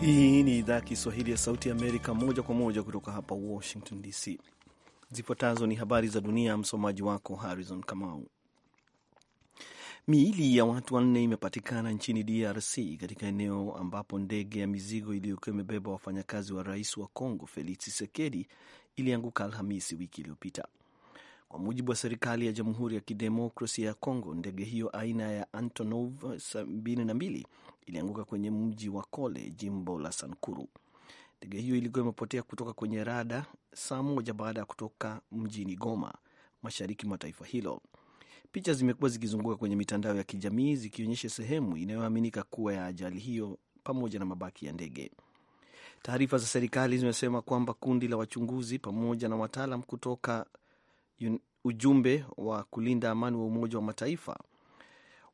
Hii ni idhaa ya Kiswahili ya Sauti ya Amerika, moja kwa moja kutoka hapa Washington DC. Zifuatazo ni habari za dunia, msomaji wako Harrison Kamau. Miili ya watu wanne imepatikana nchini DRC katika eneo ambapo ndege ya mizigo iliyokuwa imebeba wafanyakazi wa rais wa Congo Felix Tshisekedi ilianguka Alhamisi wiki iliyopita, kwa mujibu wa serikali ya Jamhuri ya Kidemokrasia ya Congo. Ndege hiyo aina ya Antonov 72 ilianguka kwenye mji wa Kole, jimbo la Sankuru. Ndege hiyo ilikuwa imepotea kutoka kwenye rada saa moja baada ya kutoka mjini Goma, mashariki mwa taifa hilo. Picha zimekuwa zikizunguka kwenye mitandao ya kijamii zikionyesha sehemu inayoaminika kuwa ya ajali hiyo pamoja na mabaki ya ndege. Taarifa za serikali zimesema kwamba kundi la wachunguzi pamoja na wataalam kutoka ujumbe wa kulinda amani wa Umoja wa Mataifa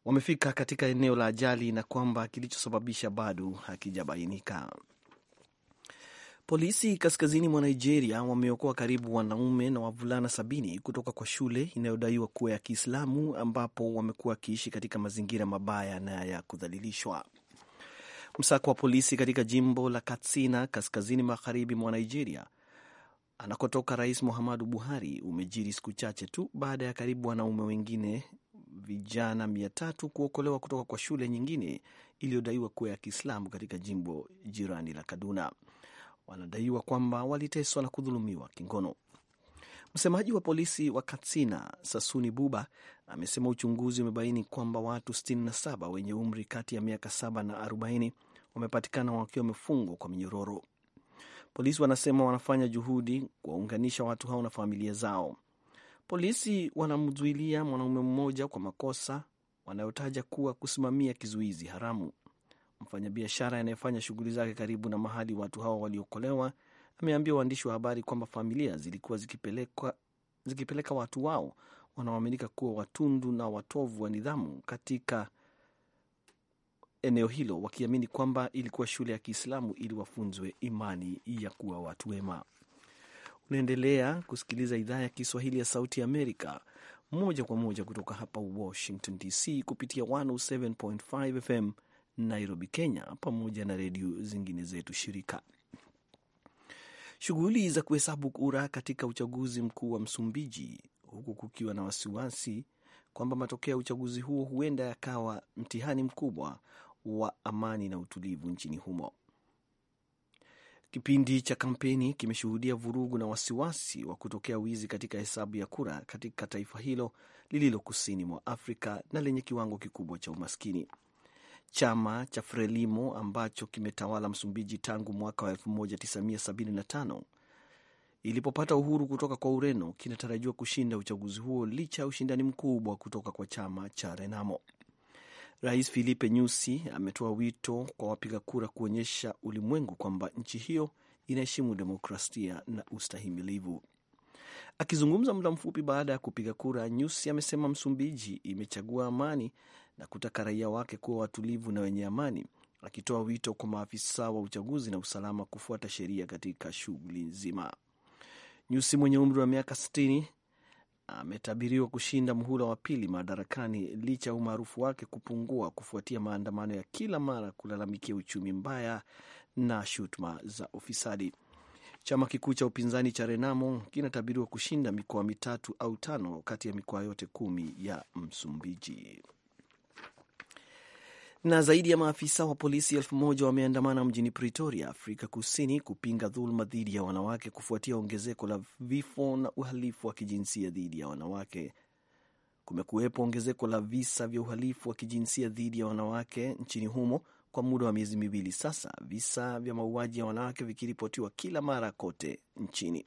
wamefika katika eneo la ajali na kwamba kilichosababisha bado hakijabainika. Polisi kaskazini mwa Nigeria wameokoa karibu wanaume na wavulana sabini kutoka kwa shule inayodaiwa kuwa ya Kiislamu ambapo wamekuwa wakiishi katika mazingira mabaya na ya kudhalilishwa. Msako wa polisi katika jimbo la Katsina kaskazini magharibi mwa Nigeria anakotoka Rais Muhammadu Buhari umejiri siku chache tu baada ya karibu wanaume wengine vijana mia tatu kuokolewa kutoka kwa shule nyingine iliyodaiwa kuwa ya Kiislamu katika jimbo jirani la Kaduna. Wanadaiwa kwamba waliteswa na kudhulumiwa kingono. Msemaji wa polisi wa Katsina, Sasuni Buba, amesema uchunguzi umebaini kwamba watu 67 wenye umri kati ya miaka 7 na 40 wamepatikana wakiwa wamefungwa kwa minyororo. Polisi wanasema wanafanya juhudi kuwaunganisha watu hao na familia zao. Polisi wanamzuilia mwanaume mmoja kwa makosa wanayotaja kuwa kusimamia kizuizi haramu. Mfanyabiashara anayefanya shughuli zake karibu na mahali watu hawa waliokolewa ameambia waandishi wa habari kwamba familia zilikuwa zikipeleka, zikipeleka watu wao wanaoaminika kuwa watundu na watovu wa nidhamu katika eneo hilo wakiamini kwamba ilikuwa shule ya Kiislamu ili wafunzwe imani ya kuwa watu wema. Unaendelea kusikiliza idhaa ya Kiswahili ya Sauti Amerika moja kwa moja kutoka hapa Washington DC kupitia 107.5 FM Nairobi, Kenya, pamoja na redio zingine zetu shirika. Shughuli za kuhesabu kura katika uchaguzi mkuu wa Msumbiji, huku kukiwa na wasiwasi kwamba matokeo ya uchaguzi huo huenda yakawa mtihani mkubwa wa amani na utulivu nchini humo. Kipindi cha kampeni kimeshuhudia vurugu na wasiwasi wa kutokea wizi katika hesabu ya kura katika taifa hilo lililo kusini mwa Afrika na lenye kiwango kikubwa cha umaskini. Chama cha Frelimo ambacho kimetawala Msumbiji tangu mwaka wa 1975 ilipopata uhuru kutoka kwa Ureno kinatarajiwa kushinda uchaguzi huo licha ya ushindani mkubwa kutoka kwa chama cha Renamo. Rais Filipe Nyusi ametoa wito kwa wapiga kura kuonyesha ulimwengu kwamba nchi hiyo inaheshimu demokrasia na ustahimilivu. Akizungumza muda mfupi baada ya kupiga kura, Nyusi amesema Msumbiji imechagua amani na kutaka raia wake kuwa watulivu na wenye amani, akitoa wito kwa maafisa wa uchaguzi na usalama kufuata sheria katika shughuli nzima. Nyusi mwenye umri wa miaka sitini ametabiriwa kushinda muhula wa pili madarakani licha ya umaarufu wake kupungua kufuatia maandamano ya kila mara kulalamikia uchumi mbaya na shutuma za ufisadi. Chama kikuu cha upinzani cha Renamo kinatabiriwa kushinda mikoa mitatu au tano kati ya mikoa yote kumi ya Msumbiji. Na zaidi ya maafisa wa polisi elfu moja wameandamana mjini Pretoria, Afrika Kusini, kupinga dhuluma dhidi ya wanawake kufuatia ongezeko la vifo na uhalifu wa kijinsia dhidi ya wanawake. Kumekuwepo ongezeko la visa vya uhalifu wa kijinsia dhidi ya wanawake nchini humo kwa muda wa miezi miwili sasa, visa vya mauaji ya wanawake vikiripotiwa kila mara kote nchini.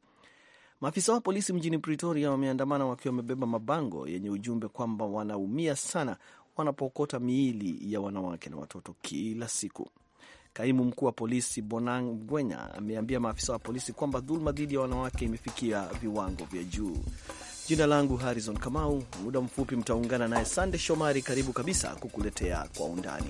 Maafisa wa polisi mjini Pretoria wameandamana wakiwa wamebeba mabango yenye ujumbe kwamba wanaumia sana wanapookota miili ya wanawake na watoto kila siku. Kaimu mkuu wa polisi Bonang Mgwenya ameambia maafisa wa polisi kwamba dhuluma dhidi ya wanawake imefikia viwango vya juu. Jina langu Harrison Kamau. Muda mfupi mtaungana naye Sande Shomari, karibu kabisa kukuletea kwa undani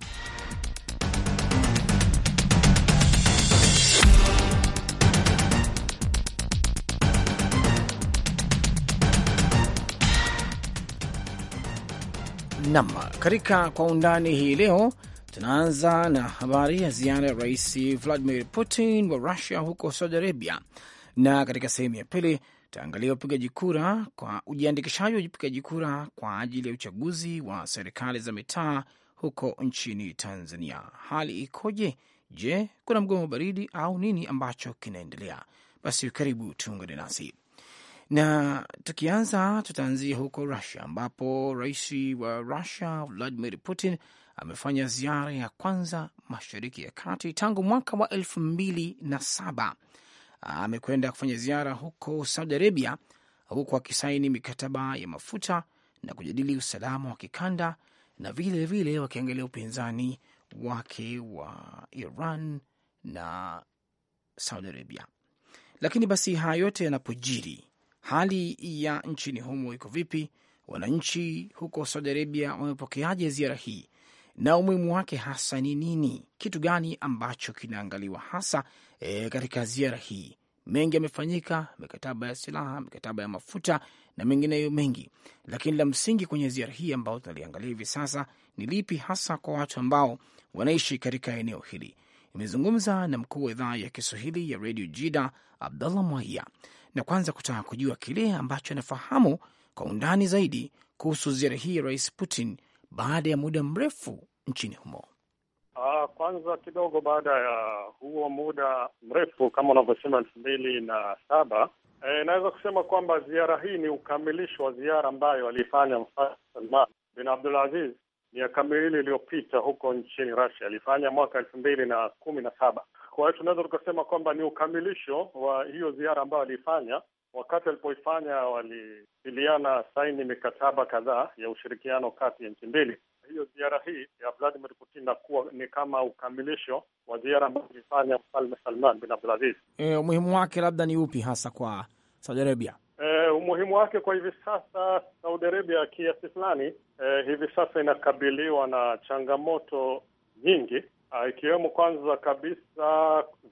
Nam, katika kwa undani hii leo tunaanza na habari ya ziara ya Rais Vladimir Putin wa rusia huko Saudi Arabia, na katika sehemu ya pili taangalia upigaji kura kwa ujiandikishaji wa upigaji kura kwa ajili ya uchaguzi wa serikali za mitaa huko nchini Tanzania. Hali ikoje? Je, kuna mgomo baridi au nini ambacho kinaendelea? Basi karibu tuungane nasi. Na tukianza tutaanzia huko rusia ambapo rais wa rusia Vladimir Putin amefanya ziara ya kwanza mashariki ya kati tangu mwaka wa elfu mbili na saba. Amekwenda kufanya ziara huko Saudi Arabia, huku akisaini mikataba ya mafuta na kujadili usalama wa kikanda na vile vile wakiangalia upinzani wake wa Iran na Saudi Arabia. Lakini basi haya yote yanapojiri, Hali ya nchini humo iko vipi? Wananchi huko Saudi Arabia wamepokeaje ziara hii na umuhimu wake hasa ni nini? Kitu gani ambacho kinaangaliwa hasa e, katika ziara hii? Mengi yamefanyika, mikataba ya silaha, mikataba ya mafuta na mengineyo mengi, lakini la msingi kwenye ziara hii ambayo tunaliangalia hivi sasa ni lipi hasa kwa watu ambao wanaishi katika eneo hili? imezungumza na mkuu wa idhaa ya Kiswahili ya redio Jida, Abdallah Mwaiya, na kwanza kutaka kujua kile ambacho anafahamu kwa undani zaidi kuhusu ziara hii ya Rais Putin baada ya muda mrefu nchini humo. Uh, kwanza kidogo, baada ya huo muda mrefu kama unavyosema elfu mbili na saba e, kusema kwamba ziara hii ni ukamilisho wa ziara ambayo aliifanya Mfalme Salman bin Aziz miaka miwili iliyopita huko nchini Russia, alifanya mwaka elfu mbili na kumi na saba. Kwa hiyo tunaweza tukasema kwamba ni ukamilisho wa hiyo ziara ambayo aliifanya. Wakati alipoifanya waliiliana saini mikataba kadhaa ya ushirikiano kati ya nchi mbili. Hiyo ziara hii ya Vladimir Putin nakuwa ni kama ukamilisho wa ziara ambayo alifanya Mfalme Salman bin Abdulaziz. E, umuhimu wake labda ni upi hasa kwa Saudi Arabia? Eh, umuhimu wake kwa hivi sasa, Saudi Arabia kiasi fulani eh, hivi sasa inakabiliwa na changamoto nyingi ah, ikiwemo kwanza kabisa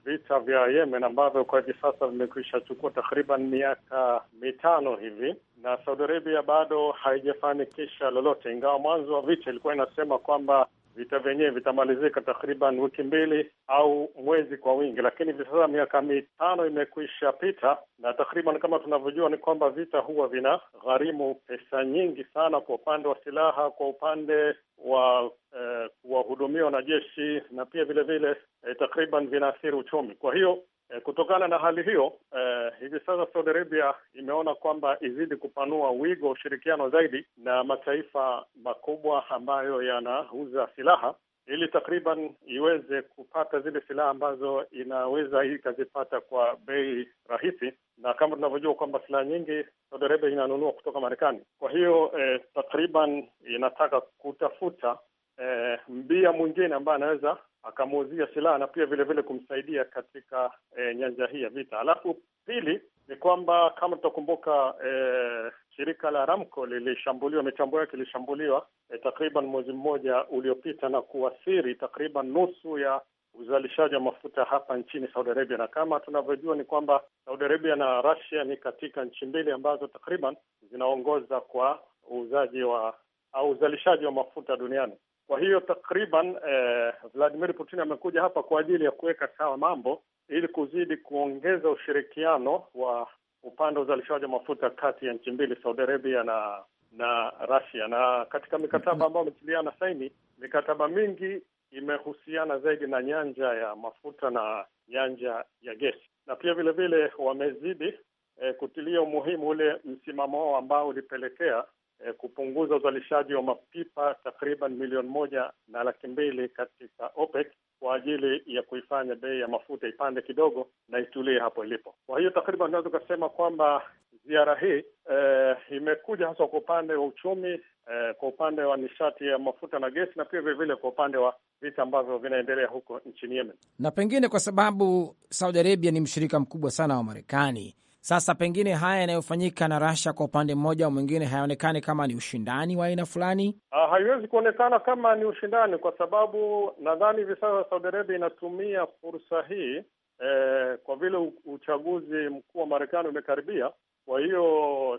vita vya Yemen ambavyo kwa hivi sasa vimekwisha chukua takriban miaka mitano hivi, na Saudi Arabia bado haijafanikisha lolote, ingawa mwanzo wa vita ilikuwa inasema kwamba vita vyenyewe vitamalizika takriban wiki mbili au mwezi kwa wingi, lakini hivi sasa miaka mitano imekwisha pita, na takriban kama tunavyojua ni kwamba vita huwa vina gharimu pesa nyingi sana, kwa upande wa silaha, kwa upande wa eh, kuwahudumia eh, wanajeshi na pia vilevile eh, takriban vinaathiri uchumi. Kwa hiyo Eh, kutokana na hali hiyo e, hivi sasa Saudi Arabia imeona kwamba izidi kupanua wigo wa ushirikiano zaidi na mataifa makubwa ambayo yanauza silaha ili takriban iweze kupata zile silaha ambazo inaweza ikazipata kwa bei rahisi, na kama tunavyojua kwamba silaha nyingi Saudi Arabia inanunua kutoka Marekani. Kwa hiyo e, takriban inataka kutafuta e, mbia mwingine ambaye anaweza akamuuzia silaha na pia vile vile kumsaidia katika e, nyanja hii ya vita. Alafu pili ni kwamba kama tutakumbuka, e, shirika la Ramco lilishambuliwa, mitambo yake ilishambuliwa e, takriban mwezi mmoja uliopita na kuathiri takriban nusu ya uzalishaji wa mafuta hapa nchini Saudi Arabia, na kama tunavyojua ni kwamba Saudi Arabia na Russia ni katika nchi mbili ambazo takriban zinaongoza kwa uuzaji wa au uzalishaji wa mafuta duniani. Kwa hiyo takriban eh, Vladimir Putin amekuja hapa kwa ajili ya kuweka sawa mambo ili kuzidi kuongeza ushirikiano wa upande wa uzalishaji wa mafuta kati ya nchi mbili, Saudi Arabia na na Russia. Na katika mikataba ambayo wametiliana saini, mikataba mingi imehusiana zaidi na nyanja ya mafuta na nyanja ya gesi, na pia vile vile wamezidi eh, kutilia umuhimu ule msimamo wao ambao ulipelekea eh, kupunguza uzalishaji wa mapipa takriban milioni moja na laki mbili katika OPEC kwa ajili ya kuifanya bei ya mafuta ipande kidogo na itulie hapo ilipo. Kwa hiyo takriban unaweza ukasema kwamba ziara hii eh, imekuja hasa kwa upande wa uchumi eh, kwa upande wa nishati ya mafuta na gesi, na pia vilevile kwa upande wa vita ambavyo vinaendelea huko nchini Yemen, na pengine kwa sababu Saudi Arabia ni mshirika mkubwa sana wa Marekani sasa pengine haya yanayofanyika na Rasha kwa upande mmoja au mwingine hayaonekani kama ni ushindani wa aina fulani. Uh, haiwezi kuonekana kama ni ushindani kwa sababu nadhani hivi sasa Saudi Arabia inatumia fursa hii eh, kwa vile uchaguzi mkuu wa Marekani umekaribia. Kwa hiyo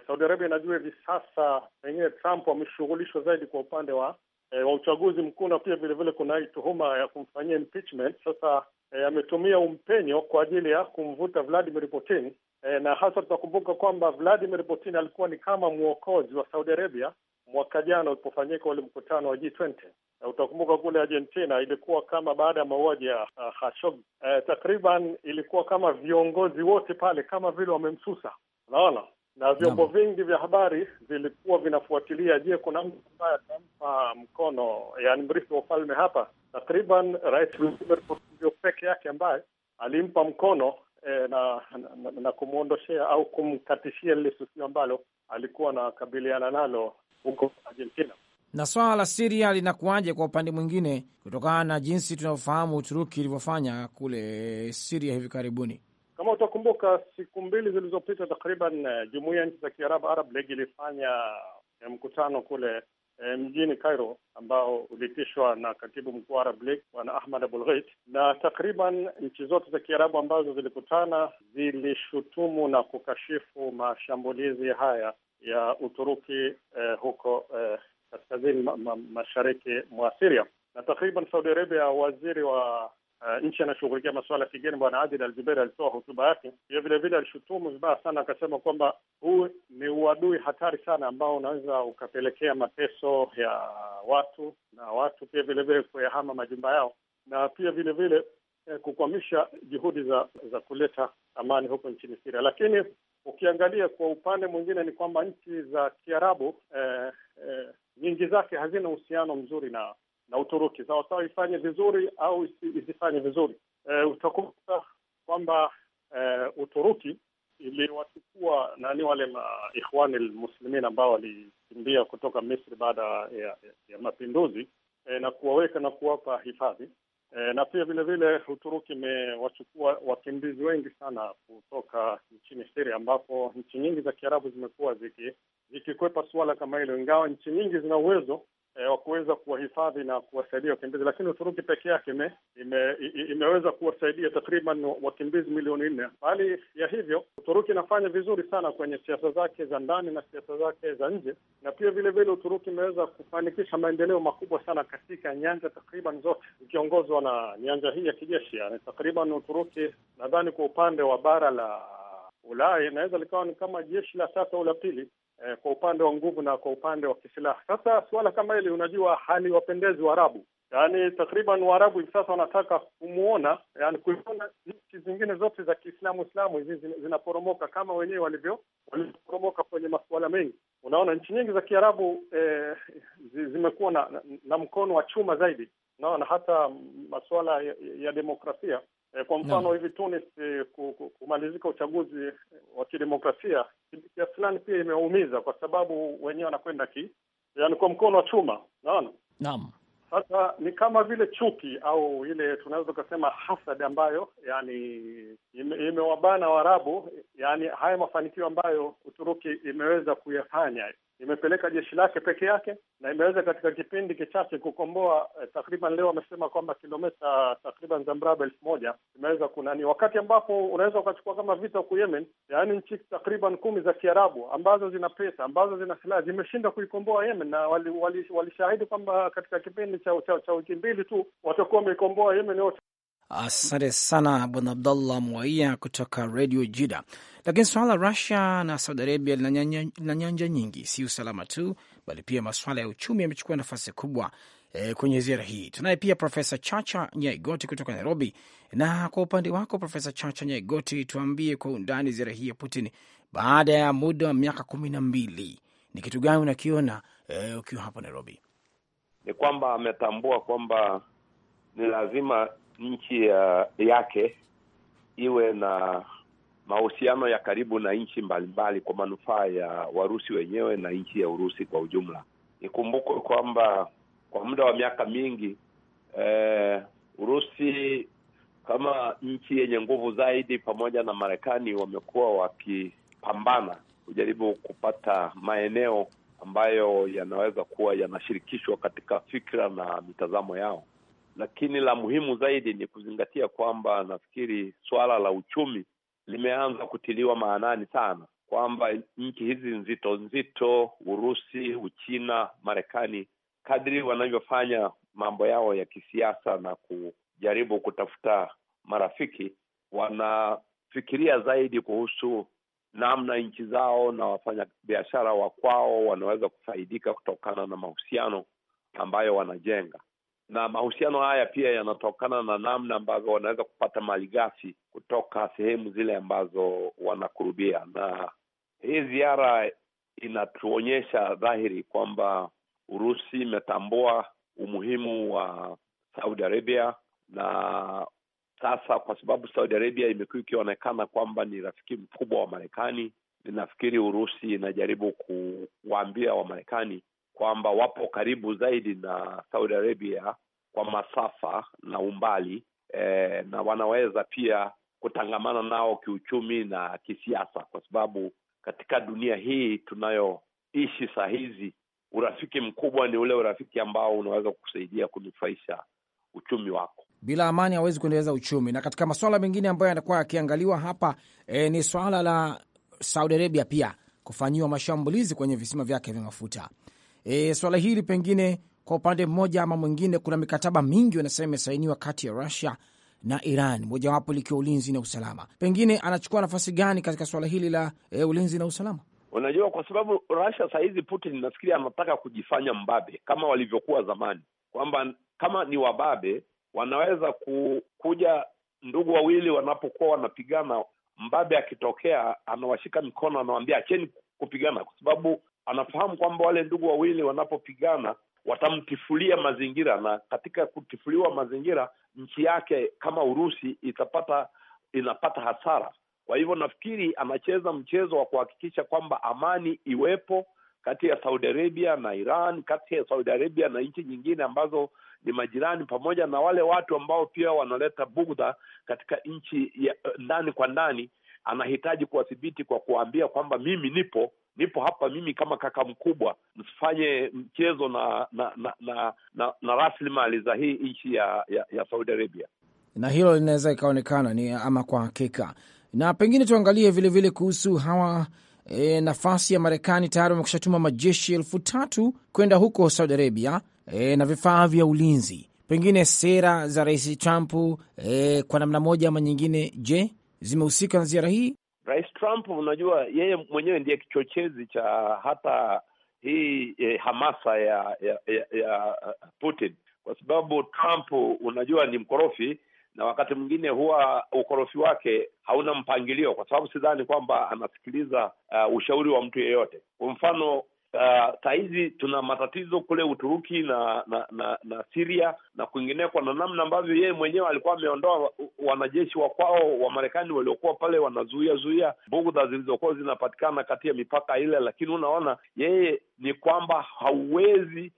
Saudi Arabia inajua hivi sasa pengine Trump ameshughulishwa zaidi kwa upande wa eh, wa uchaguzi mkuu na pia vilevile kuna hii tuhuma ya kumfanyia impeachment sasa. E, ametumia umpenyo kwa ajili ya kumvuta Vladimir Putin e, na hasa tutakumbuka kwamba Vladimir Putin alikuwa ni kama mwokozi wa Saudi Arabia mwaka jana ulipofanyika ule mkutano wa G20. Utakumbuka kule Argentina ilikuwa kama baada ya mauaji ya uh, Khashoggi e, takriban ilikuwa kama viongozi wote pale kama vile wamemsusa, unaona na vyombo vingi vya habari vilikuwa vinafuatilia, je, kuna mtu ambaye atampa mkono, yani mrithi wa ufalme hapa? Takriban Rais Vladimir Putin ndio peke yake ambaye alimpa mkono e, na na kumwondoshea au kumkatishia lile susio ambalo alikuwa anakabiliana nalo huko Argentina. Na swala la Siria linakuwaje kwa upande mwingine, kutokana na jinsi tunavyofahamu Uturuki ilivyofanya kule Siria hivi karibuni? Kama utakumbuka, siku mbili zilizopita takriban, eh, jumuiya nchi za Kiarabu, Arab League, ilifanya eh, mkutano kule e, mjini Cairo ambao uliitishwa na katibu mkuu wa Arab League bwana Ahmad Abulghait, na takriban nchi zote za Kiarabu ambazo zilikutana zilishutumu na kukashifu mashambulizi haya ya Uturuki e, huko e, kaskazini ma ma mashariki mwa siria na takriban Saudi Arabia, waziri wa uh, nchi anashughulikia masuala ya kigeni, Bwana Adil Al Jubeir alitoa hotuba yake pia vile vile alishutumu vibaya sana, akasema kwamba huu ni uadui hatari sana ambao unaweza ukapelekea mateso ya watu na watu pia vilevile kuyahama majumba yao na pia vilevile vile eh, kukwamisha juhudi za za kuleta amani huko nchini siria lakini ukiangalia kwa upande mwingine ni kwamba nchi za Kiarabu eh, eh, nyingi zake hazina uhusiano mzuri na na Uturuki sawasawa, ifanye vizuri au isifanye vizuri. E, utakuta kwamba e, Uturuki iliwachukua nani wale maikhwani lmuslimin ambao walikimbia kutoka Misri baada ya, ya mapinduzi e, na kuwaweka na kuwapa hifadhi e, na pia vile vile Uturuki imewachukua wakimbizi wengi sana kutoka nchini Syria, ambapo nchi nyingi za Kiarabu zimekuwa zikikwepa suala kama hilo, ingawa nchi nyingi zina uwezo e, wa kuweza kuwahifadhi na kuwasaidia wakimbizi, lakini Uturuki peke yake ime, ime, imeweza kuwasaidia takriban wakimbizi milioni nne. Bali ya hivyo, Uturuki inafanya vizuri sana kwenye siasa zake za ndani na siasa zake za nje, na pia vilevile Uturuki imeweza kufanikisha maendeleo makubwa sana katika nyanja takriban zote, ikiongozwa na nyanja hii ya kijeshi. Yani takriban Uturuki nadhani kwa upande wa bara la Ulaya inaweza likawa ni kama jeshi la tatu au la pili eh, kwa upande wa nguvu na kwa upande wa kisilaha. Sasa suala kama hili, unajua, haliwapendezi Waarabu, yaani takriban Waarabu hivi sasa wanataka kumwona, yani kuiona nchi zingine zote za Kiislamu Islamu hizi zinaporomoka kama wenyewe walivyo walivyoporomoka kwenye masuala mengi. Unaona nchi nyingi za Kiarabu eh, zimekuwa na, na, na mkono wa chuma zaidi, unaona hata masuala ya, ya demokrasia E, kwa mfano no. hivi Tunis e, kumalizika uchaguzi e, wa kidemokrasia kiasi fulani pia imeumiza, kwa sababu wenyewe wanakwenda ki, yani kwa mkono wa chuma, naona naam. Sasa ni kama vile chuki au ile tunaweza tukasema hasad ambayo yani imewabana ime Waarabu, yani haya mafanikio ambayo Uturuki imeweza kuyafanya imepeleka jeshi lake peke yake na imeweza katika kipindi kichache kukomboa eh, takriban leo wamesema kwamba kilometa takriban za mraba elfu moja imeweza kunani, wakati ambapo unaweza ukachukua kama vita huku Yemen, yaani nchi takriban kumi za Kiarabu ambazo zina pesa ambazo zina silaha zimeshindwa kuikomboa Yemen, na walishahidi wali, wali kwamba katika kipindi cha, cha, cha wiki mbili tu watakuwa wameikomboa Yemen yote. Asante sana bwana Abdallah Mwaia kutoka redio Jida. Lakini swala la Rusia na Saudi Arabia lina nyanja nyingi, si usalama tu, bali pia maswala ya uchumi yamechukua nafasi kubwa e, kwenye ziara hii. Tunaye pia Profesa Chacha Nyaigoti kutoka Nairobi. Na kwa upande wako Profesa Chacha Nyaigoti, tuambie kwa undani ziara hii ya Putin baada ya muda wa miaka kumi na mbili, ni kitu gani unakiona e, ukiwa hapo Nairobi? Ni kwamba ametambua kwamba ni lazima nchi ya, uh, yake iwe na mahusiano ya karibu na nchi mbalimbali kwa manufaa ya Warusi wenyewe na nchi ya Urusi kwa ujumla. Ikumbukwe kwamba kwa muda wa miaka mingi eh, Urusi kama nchi yenye nguvu zaidi pamoja na Marekani wamekuwa wakipambana kujaribu kupata maeneo ambayo yanaweza kuwa yanashirikishwa katika fikra na mitazamo yao lakini la muhimu zaidi ni kuzingatia kwamba nafikiri swala la uchumi limeanza kutiliwa maanani sana, kwamba nchi hizi nzito nzito, Urusi, Uchina, Marekani, kadri wanavyofanya mambo yao ya kisiasa na kujaribu kutafuta marafiki, wanafikiria zaidi kuhusu namna nchi zao na wafanyabiashara wa kwao wanaweza kufaidika kutokana na mahusiano ambayo wanajenga na mahusiano haya pia yanatokana na namna ambavyo wanaweza kupata mali gafi kutoka sehemu zile ambazo wanakurubia. Na hii ziara inatuonyesha dhahiri kwamba Urusi imetambua umuhimu wa Saudi Arabia, na sasa kwa sababu Saudi Arabia imekuwa ikionekana kwamba ni rafiki mkubwa wa Marekani, ninafikiri Urusi inajaribu kuwaambia Wamarekani kwamba wapo karibu zaidi na Saudi Arabia kwa masafa na umbali eh, na wanaweza pia kutangamana nao kiuchumi na kisiasa, kwa sababu katika dunia hii tunayoishi saa hizi urafiki mkubwa ni ule urafiki ambao unaweza kusaidia kunufaisha uchumi wako. Bila amani hawezi kuendeleza uchumi. Na katika masuala mengine ambayo yanakuwa yakiangaliwa hapa e, ni swala la Saudi Arabia pia kufanyiwa mashambulizi kwenye visima vyake vya mafuta. E, swala hili pengine kwa upande mmoja ama mwingine, kuna mikataba mingi wanasema imesainiwa kati ya Rusia na Iran, mojawapo likiwa ulinzi na usalama. Pengine anachukua nafasi gani katika swala hili la e, ulinzi na usalama? Unajua, kwa sababu rasia sahizi, Putin nafikiri anataka kujifanya mbabe kama walivyokuwa zamani, kwamba kama ni wababe wanaweza kuja ndugu wawili wanapokuwa wanapigana, mbabe akitokea anawashika mikono, anawaambia acheni kupigana, kwa sababu anafahamu kwamba wale ndugu wawili wanapopigana watamtifulia mazingira, na katika kutifuliwa mazingira nchi yake kama Urusi itapata inapata hasara. Kwa hivyo nafikiri anacheza mchezo wa kuhakikisha kwamba amani iwepo kati ya Saudi Arabia na Iran, kati ya Saudi Arabia na nchi nyingine ambazo ni majirani, pamoja na wale watu ambao pia wanaleta bugdha katika nchi ya ndani kwa ndani. Anahitaji kuwadhibiti kwa kuwaambia kwamba mimi nipo nipo hapa mimi kama kaka mkubwa, msifanye mchezo na na na, na, na, na rasilimali za hii nchi ya, ya, ya Saudi Arabia, na hilo linaweza ikaonekana ni ama kwa hakika. Na pengine tuangalie vilevile kuhusu hawa e, nafasi ya Marekani tayari wamekushatuma majeshi elfu tatu kwenda huko Saudi Arabia e, na vifaa vya ulinzi. Pengine sera za Rais Trump e, kwa namna moja ama nyingine, je, zimehusika na ziara hii? Rais Trump, unajua yeye mwenyewe ndiye kichochezi cha hata hii eh, hamasa ya ya, ya ya Putin, kwa sababu Trump unajua ni mkorofi na wakati mwingine huwa ukorofi wake hauna mpangilio, kwa sababu sidhani kwamba anasikiliza uh, ushauri wa mtu yeyote. Kwa mfano Uh, hizi tuna matatizo kule Uturuki na na na, na Siria na kwingineko, na namna ambavyo yeye mwenyewe alikuwa ameondoa wanajeshi wa kwao wa Marekani waliokuwa pale wanazuia zuia bugudha zilizokuwa zinapatikana kati ya mipaka ile, lakini unaona yeye ni kwamba hauwezi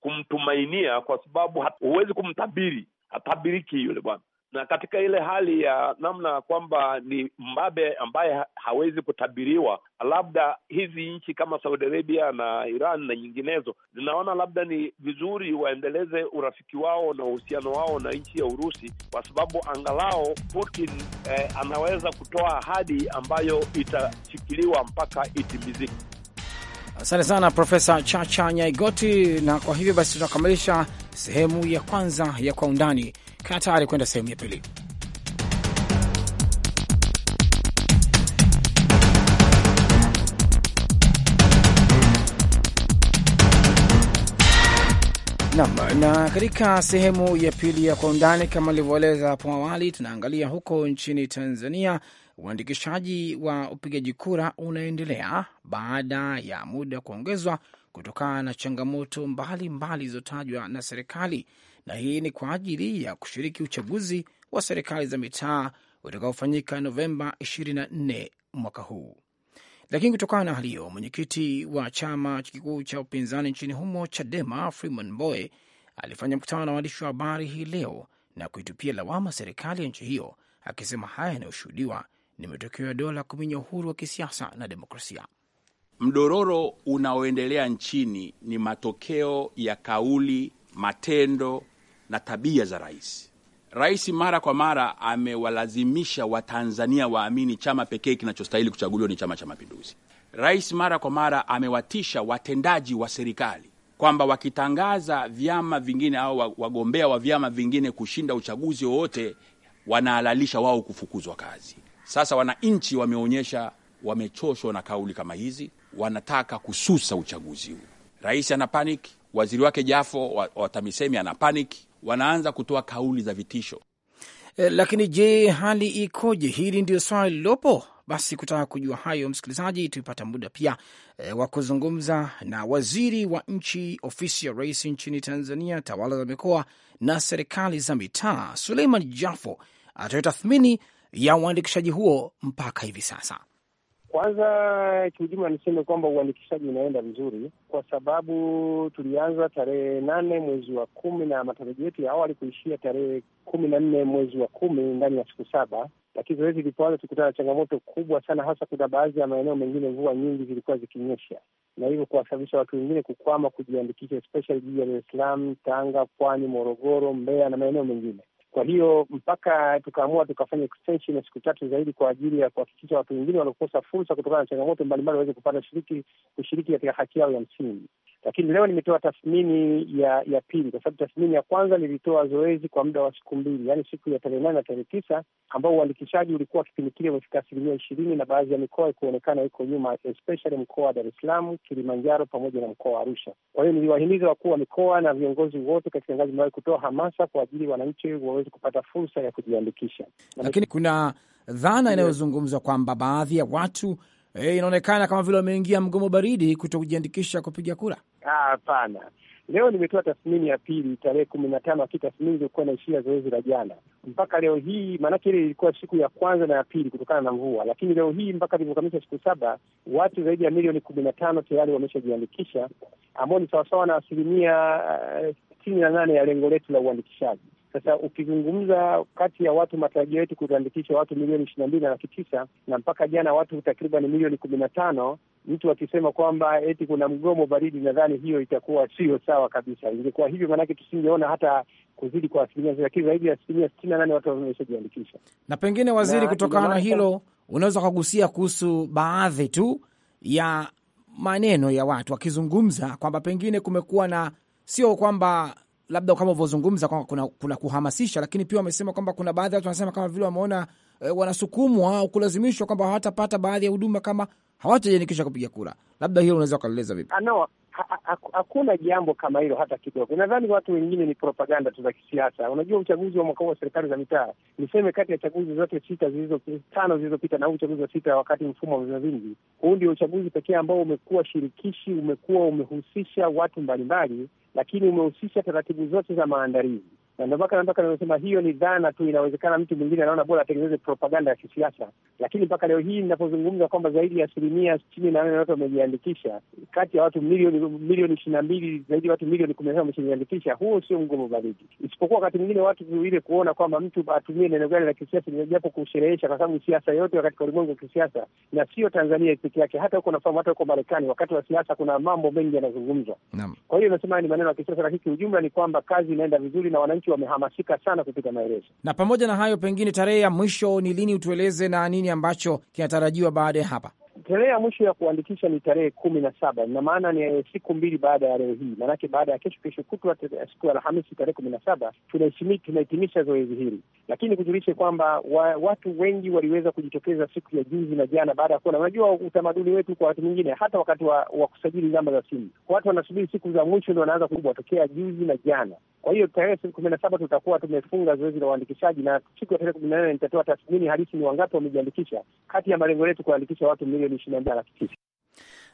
kumtumainia kwa sababu huwezi kumtabiri, hatabiriki yule bwana na katika ile hali ya namna kwamba ni mbabe ambaye hawezi kutabiriwa, labda hizi nchi kama Saudi Arabia na Iran na nyinginezo zinaona labda ni vizuri waendeleze urafiki wao na uhusiano wao na nchi ya Urusi, kwa sababu angalao Putin eh, anaweza kutoa ahadi ambayo itashikiliwa mpaka itimizike. Asante sana Profesa Chacha Nyaigoti, na kwa hivyo basi tunakamilisha sehemu ya kwanza ya Kwa Undani. Kaa tayari kwenda sehemu ya pili. Nam, na katika sehemu ya pili ya kwa undani, kama ilivyoeleza hapo awali, tunaangalia huko nchini Tanzania uandikishaji wa upigaji kura unaendelea baada ya muda kuongezwa kutokana na changamoto mbalimbali zilizotajwa na serikali, na hii ni kwa ajili ya kushiriki uchaguzi wa serikali za mitaa utakaofanyika Novemba 24 mwaka huu. Lakini kutokana na hali hiyo, mwenyekiti wa chama kikuu cha upinzani nchini humo Chadema, Freeman Mbowe alifanya mkutano na waandishi wa habari hii leo na kuitupia lawama serikali ya nchi hiyo, akisema haya yanayoshuhudiwa ni matokeo ya dola kuminya uhuru wa kisiasa na demokrasia. Mdororo unaoendelea nchini ni matokeo ya kauli, matendo na tabia za rais. Rais mara kwa mara amewalazimisha Watanzania waamini chama pekee kinachostahili kuchaguliwa ni Chama cha Mapinduzi. Rais mara kwa mara amewatisha watendaji wa serikali kwamba wakitangaza vyama vingine au wagombea wa vyama vingine kushinda uchaguzi wowote, wanahalalisha wao kufukuzwa kazi. Sasa wananchi wameonyesha wamechoshwa na kauli kama hizi, wanataka kususa uchaguzi huu. Rais ana panic, waziri wake Jafo wa, wa TAMISEMI ana panic, wanaanza kutoa kauli za vitisho. E, lakini je, hali ikoje? Hili ndio swali lilopo. Basi kutaka kujua hayo, msikilizaji, tumepata muda pia e, wa kuzungumza na waziri wa nchi ofisi ya rais nchini Tanzania, tawala za mikoa na serikali za mitaa, Suleiman Jafo atoe tathmini ya uandikishaji huo mpaka hivi sasa. Kwanza kiujumla, niseme kwamba uandikishaji unaenda vizuri, kwa sababu tulianza tarehe nane mwezi wa kumi na matarajio yetu ya awali kuishia tarehe kumi na nne mwezi wa kumi ndani ya siku saba, lakini zoezi ilipoanza tukutana na changamoto kubwa sana, hasa kuna baadhi ya maeneo mengine mvua nyingi zilikuwa zikinyesha, na hivyo kuwasababisha watu wengine kukwama kujiandikisha, especially jiji ya Dar es Salaam, Tanga, Pwani, Morogoro, Mbeya na maeneo mengine kwa hiyo mpaka tukaamua tukafanya extension ya siku tatu zaidi kwa ajili ya kuhakikisha watu wengine waliokosa fursa kutokana na changamoto mbalimbali waweze kupata shiriki kushiriki katika haki yao ya msingi lakini leo nimetoa tathmini ya ya pili, kwa sababu tathmini ya kwanza nilitoa zoezi kwa muda wa siku mbili, yaani siku ya tarehe nane na tarehe tisa, ambao uandikishaji ulikuwa kipindi kile umefika asilimia ishirini na baadhi ya mikoa ikuonekana iko nyuma, especially mkoa wa Dar es Salaam, Kilimanjaro pamoja na mkoa wa Arusha. Kwa hiyo niliwahimiza wakuu wa mikoa na viongozi wote katika ngazi mawai kutoa hamasa kwa ajili wananchi waweze kupata fursa ya kujiandikisha, lakini kuna dhana inayozungumzwa kwamba baadhi ya watu eh, inaonekana kama vile wameingia mgomo baridi kuto kujiandikisha kupiga kura. Ah, hapana, leo nimetoa tathmini ya pili tarehe kumi na tano, lakini tathmini ilikuwa inaishia zoezi la jana mpaka leo hii, maanake ile ilikuwa siku ya kwanza na ya pili kutokana na mvua. Lakini leo hii mpaka ilivyokamilisha siku saba, watu zaidi ya milioni kumi na tano tayari wameshajiandikisha, ambao ni sawasawa na asilimia eh, sitini uh, na nane ya lengo letu la uandikishaji. Sasa ukizungumza kati ya watu matarajio yetu kuandikisha watu milioni ishirini na mbili na laki tisa na mpaka jana watu takriban milioni kumi na tano mtu akisema kwamba eti kuna mgomo baridi, nadhani hiyo itakuwa sio sawa kabisa. Ingekuwa hivyo, maanake tusingeona hata kuzidi kwa asilimia, lakini zaidi ya asilimia sitini na nane watu wameshajiandikisha. Na pengine waziri, kutokana na hilo, unaweza ukagusia kuhusu baadhi tu ya maneno ya watu wakizungumza kwamba pengine kumekuwa na sio kwamba labda kama ulivyozungumza kwamba kuna, kuna kuhamasisha, lakini pia wamesema kwamba kuna baadhi ya watu wanasema kama vile wameona e, wanasukumwa au kulazimishwa kwamba hawatapata baadhi ya huduma kama hawatajiandikisha kupiga kura. Labda hiyo unaweza ukaeleza vipi? Ah, no, hakuna ha, ha, jambo kama hilo hata kidogo. Nadhani watu wengine ni propaganda tu za kisiasa. Unajua, uchaguzi wa mwaka huu wa serikali za mitaa, niseme kati ya chaguzi zote sita zilizo tano zilizopita na huu uchaguzi wa sita wakati mfumo wa vyama vingi, huu ndio uchaguzi pekee ambao umekuwa shirikishi, umekuwa umehusisha watu mbalimbali, lakini umehusisha taratibu zote za maandalizi na ndio mpaka mpaka nimesema hiyo ni dhana tu. Inawezekana mtu mwingine anaona bora atengeneze propaganda ya kisiasa, lakini mpaka leo hii ninapozungumza kwamba zaidi ya asilimia sitini na nane watu wamejiandikisha kati ya watu milioni milioni ishirini na mbili zaidi ya watu milioni kumi na tano wamejiandikisha. Huo sio mgomo baridi, isipokuwa wakati mwingine watu ile kuona kwamba mtu atumie neno gani la kisiasa, japo kusherehesha, kwa sababu siasa yote katika ulimwengu wa kisiasa, na sio Tanzania peke yake, hata huko nafahamu, hata huko Marekani wakati wa siasa kuna mambo mengi yanazungumzwa. Kwa hiyo nasema ni maneno ya kisiasa, lakini kiujumla ni kwamba kazi inaenda vizuri na wananchi wananchi wamehamasika sana kupita maelezo. Na pamoja na hayo, pengine tarehe ya mwisho ni lini, utueleze na nini ambacho kinatarajiwa baada ya hapa? Tarehe ya mwisho ya kuandikisha ni tarehe kumi na saba ina maana ni eh, siku mbili baada ya leo hii, maanake baada ya kesho, kesho kutwa, eh, siku ya Alhamisi tarehe kumi na saba tunahitimisha zoezi hili. Lakini kujulishe kwamba wa, watu wengi waliweza kujitokeza siku ya juzi na jana, baada ya kuona, unajua utamaduni wetu kwa watu mwingine, hata wakati wa, wa kusajili namba za simu watu wanasubiri siku za mwisho ndio wanaanza kuwatokea juzi na jana. Kwa hiyo tarehe kumi na saba tutakuwa tumefunga zoezi la uandikishaji, na siku ya tarehe kumi na nane nitatoa tathmini halisi ni wangapi wamejiandikisha. Kati ya malengo yetu kuandikisha watu milioni milioni ishirini na nne laki tisa.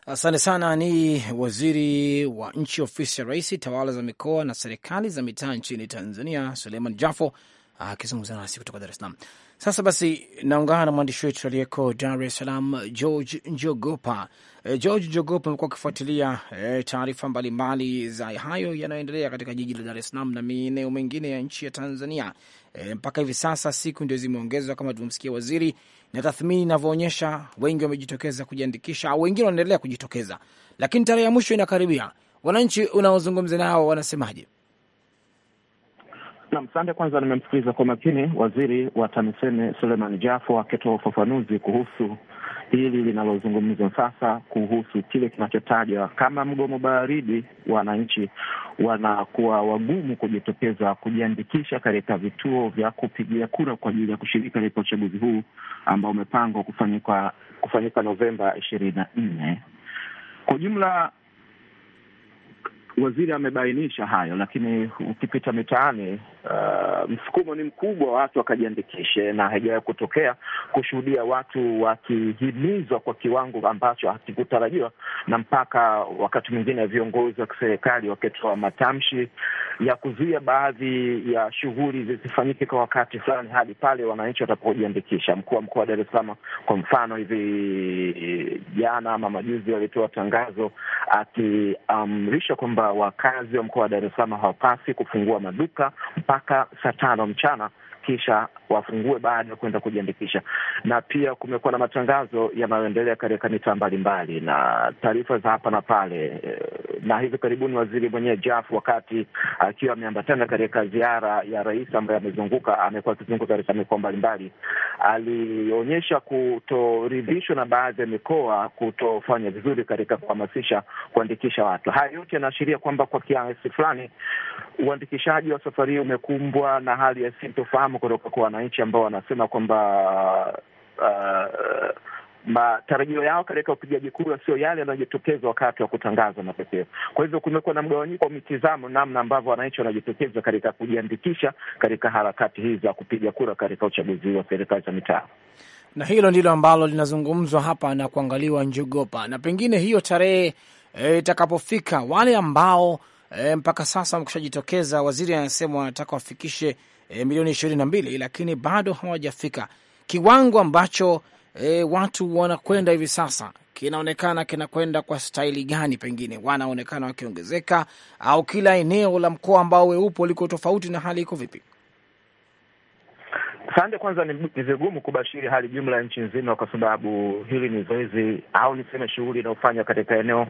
Asante sana. Ni waziri wa nchi ofisi ya Rais, tawala za mikoa na serikali za mitaa nchini Tanzania, Suleiman Jafo akizungumza nasi kutoka Dar es Salaam. Sasa basi naungana na mwandishi wetu aliyeko Dar es Salaam, George Njogopa. Eh, George Njogopa amekuwa akifuatilia eh, taarifa mbalimbali za hayo yanayoendelea katika jiji la Dar es Salaam na maeneo mengine ya nchi ya Tanzania. E, mpaka hivi sasa siku ndio zimeongezwa kama tulivyomsikia waziri, na tathmini inavyoonyesha wengi wamejitokeza kujiandikisha au wengine wanaendelea kujitokeza, lakini tarehe ya mwisho inakaribia. Wananchi unaozungumza nao wanasemaje? Na msande Kwanza nimemsikiliza kwa makini waziri wa TAMISEMI Suleiman Jafo akitoa ufafanuzi kuhusu hili linalozungumzwa sasa kuhusu kile kinachotajwa kama mgomo baridi. Wananchi wanakuwa wagumu kujitokeza kujiandikisha katika vituo vya kupigia kura kwa ajili ya kushiriki katika uchaguzi huu ambao umepangwa kufanyika kufanyika Novemba ishirini na nne. Kwa jumla waziri amebainisha hayo, lakini ukipita mitaani uh, msukumo ni mkubwa, watu wakajiandikishe, na haijawahi kutokea kushuhudia watu wakihimizwa kwa kiwango ambacho hakikutarajiwa, na mpaka wakati mwingine viongozi wa kiserikali wakitoa matamshi ya kuzuia baadhi ya shughuli zisifanyike kwa wakati fulani hadi pale wananchi watakapojiandikisha. Mkuu wa mkoa wa Dar es Salaam kwa mfano, hivi jana ama majuzi, walitoa tangazo akiamrisha um, kwamba wakazi wa mkoa wa Dar es Salaam hawapasi kufungua maduka mpaka saa tano mchana kisha wafungue baada ya kuenda kujiandikisha. Na pia kumekuwa na matangazo yanayoendelea katika mitaa mbalimbali na taarifa za hapa na pale, eh, na hivi karibuni waziri mwenyewe Jaf, wakati akiwa ameambatana katika ziara ya rais ambaye amezunguka amekuwa akizunguka katika mikoa mbalimbali, alionyesha kutoridhishwa na baadhi ya mikoa kutofanya vizuri katika kuhamasisha kuandikisha watu. Haya yote yanaashiria kwamba kwa kiasi fulani uandikishaji wa safari hii umekumbwa na hali ya sintofahamu mtazamo kutoka kwa wananchi ambao wanasema kwamba uh, uh, matarajio yao katika upigaji kura sio yale yanayojitokeza wakati wa kutangaza matokeo. Kwa hivyo kumekuwa na mgawanyiko wa mitizamo, namna ambavyo wananchi wanajitokeza katika kujiandikisha katika harakati hii za kupiga kura katika uchaguzi wa serikali za mitaa, na hilo ndilo ambalo linazungumzwa hapa na kuangaliwa njogopa, na pengine hiyo tarehe e, itakapofika, e, wale ambao e, mpaka sasa wamekushajitokeza, waziri anasema wanataka wafikishe e, milioni ishirini na mbili, lakini bado hawajafika kiwango ambacho e, watu wanakwenda hivi sasa kinaonekana kinakwenda kwa staili gani? Pengine wanaonekana wakiongezeka, au kila eneo la mkoa ambao weupo liko tofauti, na hali iko vipi? Sande, kwanza ni vigumu kubashiri hali jumla ya nchi nzima, kwa sababu hili ni zoezi au niseme shughuli inayofanywa katika eneo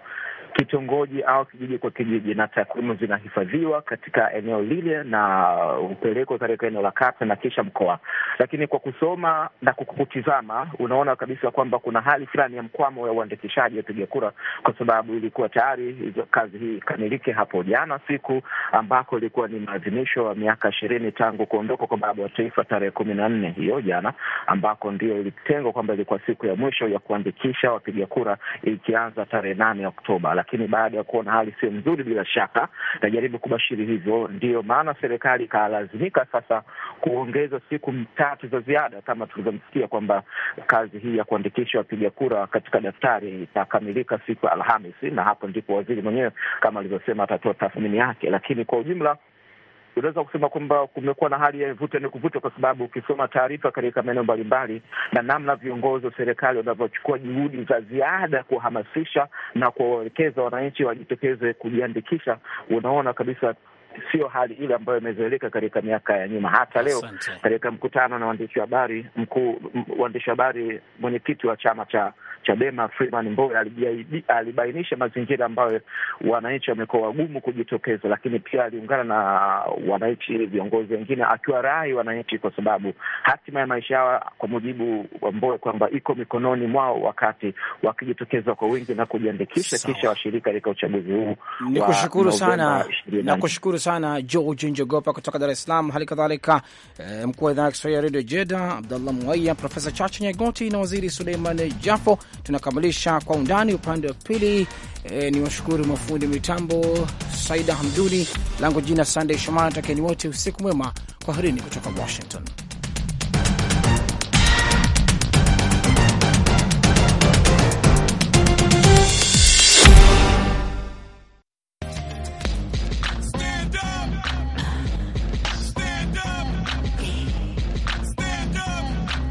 kitongoji au kijiji kwa kijiji, na takwimu zinahifadhiwa katika eneo lile na hupelekwa katika eneo la kata na kisha mkoa. Lakini kwa kusoma na kukutizama, unaona kabisa kwamba kuna hali fulani ya mkwamo ya uandikishaji wa piga kura, kwa sababu ilikuwa tayari kazi hii ikamilike hapo jana, siku ambako ilikuwa ni maadhimisho ya miaka ishirini tangu kuondoka kwa baba wa taifa tarehe kumi na nne hiyo jana, ambako ndio ilitengwa kwamba ilikuwa siku ya mwisho ya kuandikisha wapiga kura, ikianza tarehe nane Oktoba lakini baada ya kuona hali sio nzuri, bila shaka najaribu kubashiri hivyo. Ndiyo maana serikali ikalazimika sasa kuongeza siku tatu za ziada, kama tulivyomsikia kwamba kazi hii ya kuandikisha wapiga kura katika daftari itakamilika siku ya Alhamisi, na hapo ndipo waziri mwenyewe kama alivyosema atatoa tathmini yake, lakini kwa ujumla unaweza kusema kwamba kumekuwa na hali ya vuta ni kuvuta, kwa sababu ukisoma taarifa katika maeneo mbalimbali na namna viongozi wa serikali wanavyochukua juhudi za ziada kuwahamasisha na kuwaelekeza wananchi wajitokeze kujiandikisha, unaona kabisa sio hali ile ambayo imezoeleka katika miaka ya nyuma. Hata leo katika mkutano na waandishi wa habari, mkuu waandishi wa habari, mwenyekiti wa chama cha Chadema Freeman Mbowe alibainisha mazingira ambayo wananchi wamekuwa wagumu kujitokeza, lakini pia aliungana na wananchi, viongozi wengine, akiwa rai wananchi, kwa sababu hatima ya maisha yao, kwa mujibu wa Mbowe, kwamba iko mikononi mwao, wakati wakijitokeza kwa wingi na kujiandikisha, kisha washiriki katika uchaguzi huu. Nikushukuru sana, nakushukuru sana George Njogopa kutoka Dar es Salaam, hali kadhalika eh, mkuu wa idhaa ya Kiswahili ya redio Jeda Abdallah Mwaiya, Profesa Chache Nyagoti na Waziri Suleiman Jafo. Tunakamilisha kwa undani upande wa pili. E, ni washukuru mafundi mitambo Saida Hamduni, langu jina Sandey Shomari, takieni wote usiku mwema, kwaherini kutoka Washington.